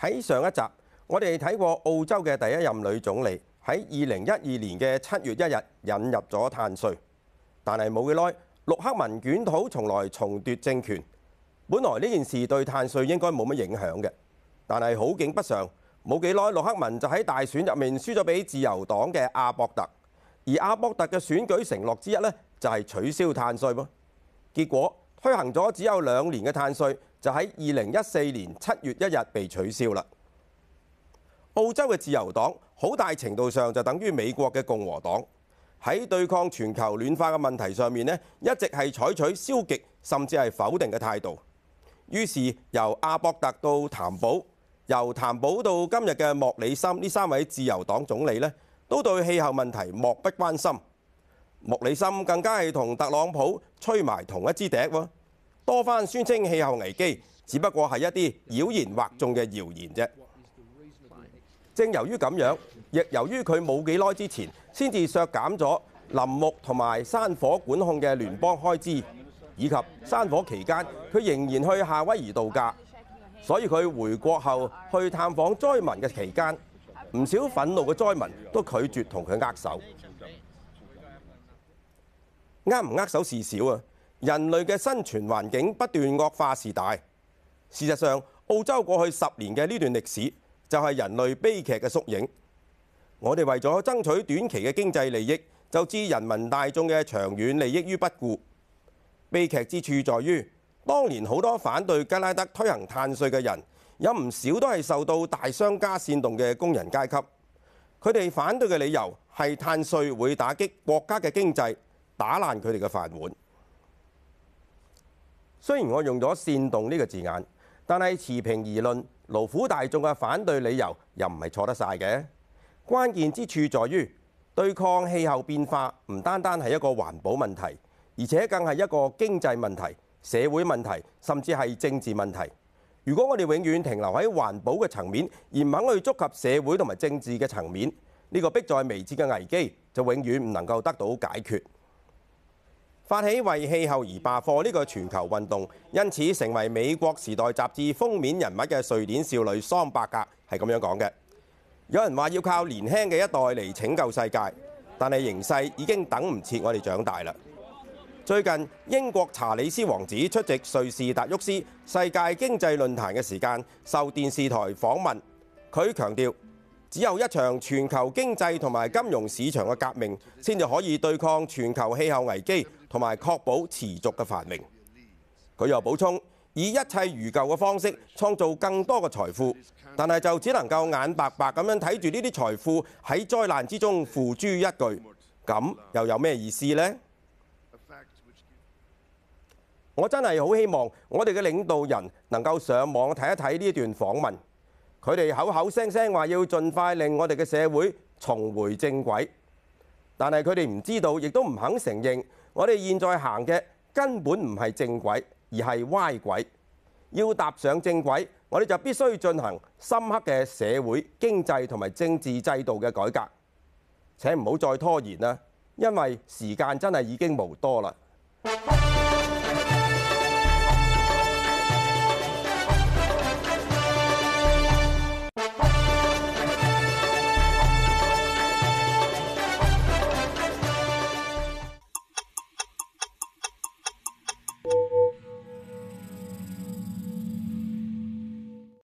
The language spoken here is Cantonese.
喺上一集，我哋睇過澳洲嘅第一任女總理喺二零一二年嘅七月一日引入咗碳稅，但係冇幾耐，陸克文捲土重來重奪政權。本來呢件事對碳稅應該冇乜影響嘅，但係好景不常，冇幾耐陸克文就喺大選入面輸咗俾自由黨嘅阿博特，而阿博特嘅選舉承諾之一呢，就係取消碳稅喎。結果推行咗只有兩年嘅碳稅。就喺二零一四年七月一日被取消啦。澳洲嘅自由黨好大程度上就等於美國嘅共和黨，喺對抗全球暖化嘅問題上面呢，一直係採取消極甚至係否定嘅態度。於是由阿伯特到譚寶，由譚寶到今日嘅莫里森呢三位自由黨總理呢，都對氣候問題漠不關心。莫里森更加係同特朗普吹埋同一支笛喎。多番宣稱氣候危機，只不過係一啲妖言惑眾嘅謠言啫。正由於咁樣，亦由於佢冇幾耐之前先至削減咗林木同埋山火管控嘅聯邦開支，以及山火期間佢仍然去夏威夷度假，所以佢回國後去探訪災民嘅期間，唔少憤怒嘅災民都拒絕同佢握手。握唔握手事小啊！人類嘅生存環境不斷惡化時代。事實上，澳洲過去十年嘅呢段歷史就係人類悲劇嘅縮影。我哋為咗爭取短期嘅經濟利益，就置人民大眾嘅長遠利益於不顧。悲劇之處在於，當年好多反對吉拉德推行碳稅嘅人，有唔少都係受到大商家煽動嘅工人階級。佢哋反對嘅理由係碳稅會打擊國家嘅經濟，打爛佢哋嘅飯碗。雖然我用咗煽動呢個字眼，但係持平而論，勞苦大眾嘅反對理由又唔係錯得晒嘅。關鍵之處在於，對抗氣候變化唔單單係一個環保問題，而且更係一個經濟問題、社會問題，甚至係政治問題。如果我哋永遠停留喺環保嘅層面，而唔肯去觸及社會同埋政治嘅層面，呢個迫在眉睫嘅危機就永遠唔能夠得到解決。發起為氣候而罷課呢個全球運動，因此成為美國時代雜誌封面人物嘅瑞典少女桑伯格係咁樣講嘅。有人話要靠年輕嘅一代嚟拯救世界，但係形勢已經等唔切我哋長大啦。最近英國查理斯王子出席瑞士達沃斯世界經濟論壇嘅時間，受電視台訪問，佢強調。只有一場全球經濟同埋金融市場嘅革命，先至可以對抗全球氣候危機，同埋確保持續嘅繁榮。佢又補充：以一切如舊嘅方式創造更多嘅財富，但係就只能夠眼白白咁樣睇住呢啲財富喺災難之中付諸一炬，咁又有咩意思呢？我真係好希望我哋嘅領導人能夠上網睇一睇呢一段訪問。佢哋口口聲聲話要盡快令我哋嘅社會重回正軌，但係佢哋唔知道，亦都唔肯承認，我哋現在行嘅根本唔係正軌，而係歪軌。要踏上正軌，我哋就必須進行深刻嘅社會、經濟同埋政治制度嘅改革。請唔好再拖延啦，因為時間真係已經無多啦。